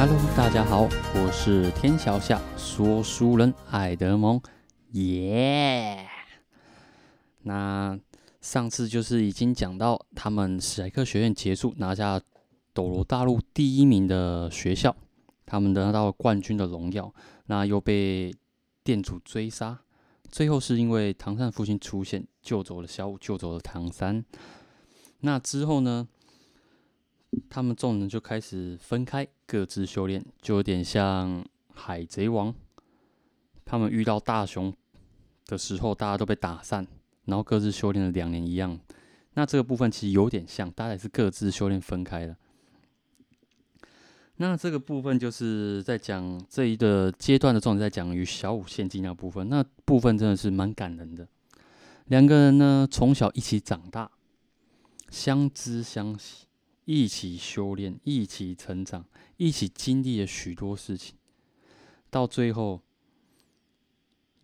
Hello，大家好，我是天橋下說書人艾德蒙，耶、yeah！那上次就是已經講到他們史萊克學院結束，拿下斗羅大陸第一名的學校，他們得到冠軍的榮耀，那又被店主追殺，最後是因為唐三的父親出現救走了小舞，救走了唐三。那之後呢？他們眾人就開始分開，各自修煉，就有點像《海賊王》。他們遇到大熊的時候，大家都被打散，然後各自修煉了兩年一樣。那這個部分其實有點像，大家也是各自修煉分開了。那這個部分就是在講這一個階段的狀態，在講與小舞獻祭那部分。那部分真的是蠻感人的。兩個人呢，從小一起長大，相知相惜。一起修煉，一起成長，一起經歷了許多事情，到最後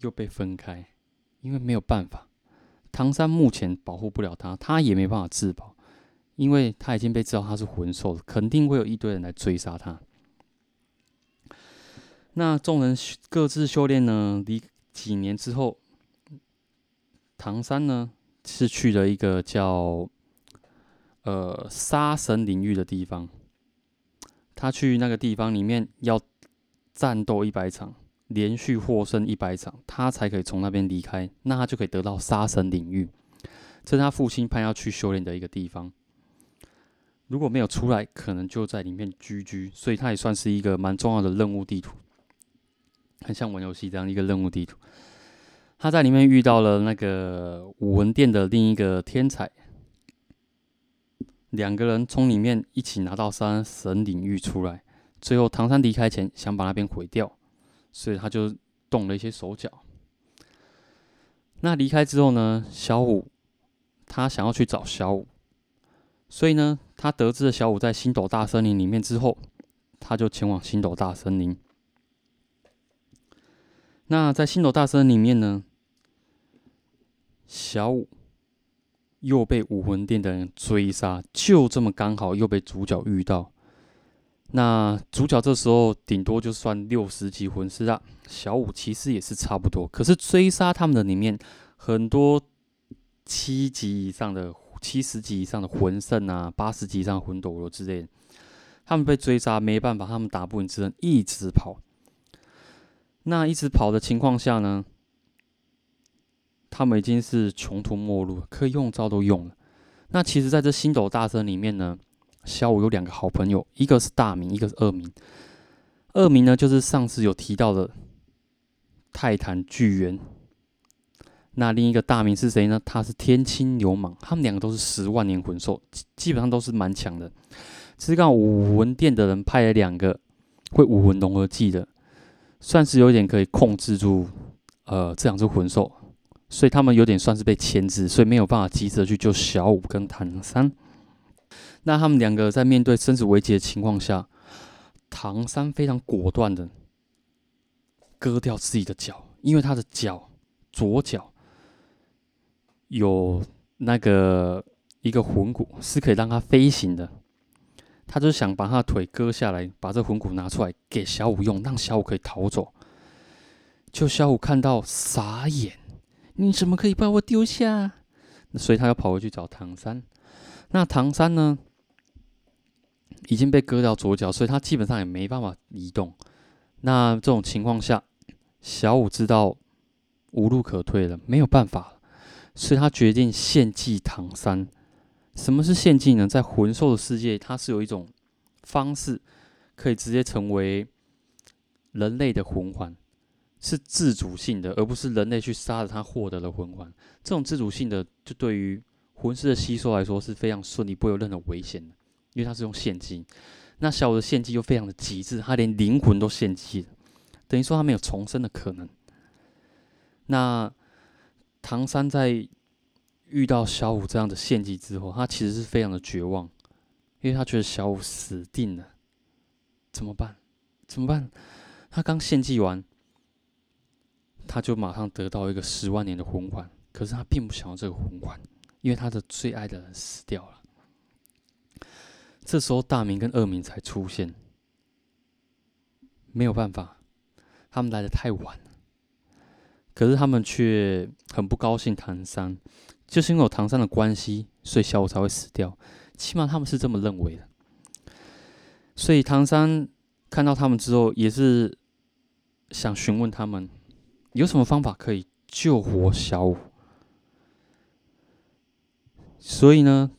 又被分開，因為沒有辦法，唐三目前保護不了他，他也沒辦法自保，因為他已經被知道他是魂獸了，肯定會有一堆人來追殺他。那眾人各自修煉呢，離幾年之後，唐三呢，是去了一個叫……呃，殺神領域的地方，他去那個地方裡面要戰鬥一百場，連續獲勝一百場，他才可以從那邊離開。那他就可以得到殺神領域，這是他父親派他要去修煉的一個地方。如果沒有出來，可能就在裡面 GG。所以他也算是一個蠻重要的任務地圖，很像玩遊戲這樣一個任務地圖。他在裡面遇到了那個武魂殿的另一個天才。兩個人從裡面一起拿到山神領域出來，最後唐三離開前想把那邊毀掉，所以他就動了一些手腳。那離開之後呢？小舞他想要去找小舞，所以呢，他得知了小舞在星斗大森林裡面之後，他就前往星斗大森林。那在星斗大森林裡面呢？小舞。又被武魂殿的人追殺，就這麼剛好又被主角遇到。那主角這時候頂多就算六十級魂師啊，小舞其實也是差不多。可是追殺他們的裡面很多七級以上的、七十級以上的魂聖啊、八十級以上魂鬥羅之類的，他們被追殺沒辦法，他們打不贏，只能一直跑。那一直跑的情況下呢？他們已經是窮途末路，可以用招都用了。那其實，在這星斗大森林裡面呢，小舞有兩個好朋友，一個是大明，一個是二明。二明呢，就是上次有提到的泰坦巨猿。那另一個大明是誰呢？他是天青牛蟒。他們兩個都是十萬年魂獸，基本上都是蠻強的。只是看武魂殿的人派了兩個會武魂融合技的，算是有點可以控制住，呃，這兩隻魂獸。所以他們有點算是被牽制，所以沒有辦法急着去救小舞跟唐三。那他們兩個在面對生死危機的情況下，唐三非常果斷的割掉自己的腳，因為他的腳、左腳有那個一個魂骨是可以讓他飛行的。他就想把他的腿割下來，把這魂骨拿出來給小舞用，讓小舞可以逃走。就小舞看到傻眼。你怎麼可以把我丟下啊？所以，他又跑回去找唐三。那唐三呢？已經被割掉左腳，所以他基本上也沒辦法移動。那這種情況下，小舞知道無路可退了，沒有辦法，所以他決定獻祭唐三。什麼是獻祭呢？在魂獸的世界，它是有一種方式可以直接成為人類的魂環，是自主性的，而不是人類去殺了他獲得了魂環。這種自主性的，就對於魂師的吸收來說是非常順利，不會有任何危險的，因為他是用獻祭。那小舞的獻祭就非常的極致，他連靈魂都獻祭了，等於說他沒有重生的可能。那唐三在遇到小舞這樣的獻祭之後，他其實是非常的絕望，因為他覺得小舞死定了，怎麼辦？怎麼辦？他剛獻祭完。他就馬上得到一個十萬年的魂環，可是他並不想要這個魂環，因為他的最愛的人死掉了。這時候，大明跟二明才出現，沒有辦法，他們來的太晚了。可是他們卻很不高興唐三，就是因為有唐三的關係，所以小舞才會死掉，起碼他們是這麼認為的。所以唐三看到他們之後，也是想詢問他們。有什麼方法可以救活小舞？所以呢，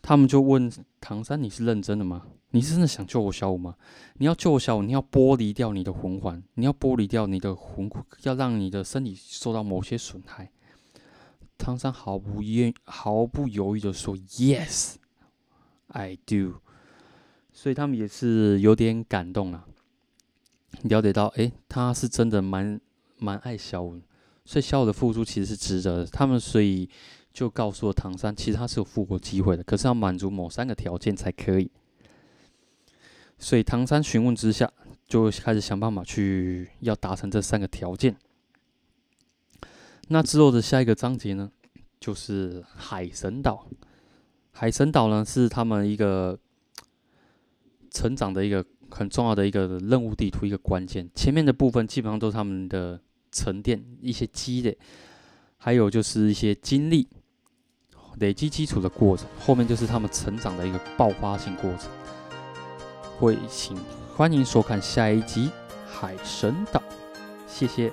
他們就問唐三：“你是認真的嗎？你是真的想救我小舞嗎？”你要救我小舞，你要剝離掉你的魂環，你要剝離掉你的魂，要讓你的身體受到某些損害。唐三毫不言，毫不猶豫的說：“Yes, I do。”所以他們也是有點感動了、啊，了解到哎、欸，他是真的蠻。蠻愛小舞，所以小舞的付出其實是值得的。他們所以就告訴了唐三，其實他是有復活機會的，可是要滿足某三個條件才可以。所以唐三詢問之下，就開始想辦法去要達成這三個條件。那之後的下一個章節呢，就是海神島。海神島呢是他們一個成長的一個很重要的一個任務地圖，一個關鍵。前面的部分基本上都是他們的。沉澱一些積累，還有就是一些經歷累積基礎的過程，後面就是他們成長的一個爆發性過程。會請歡迎收看下一集《海神島》，謝謝。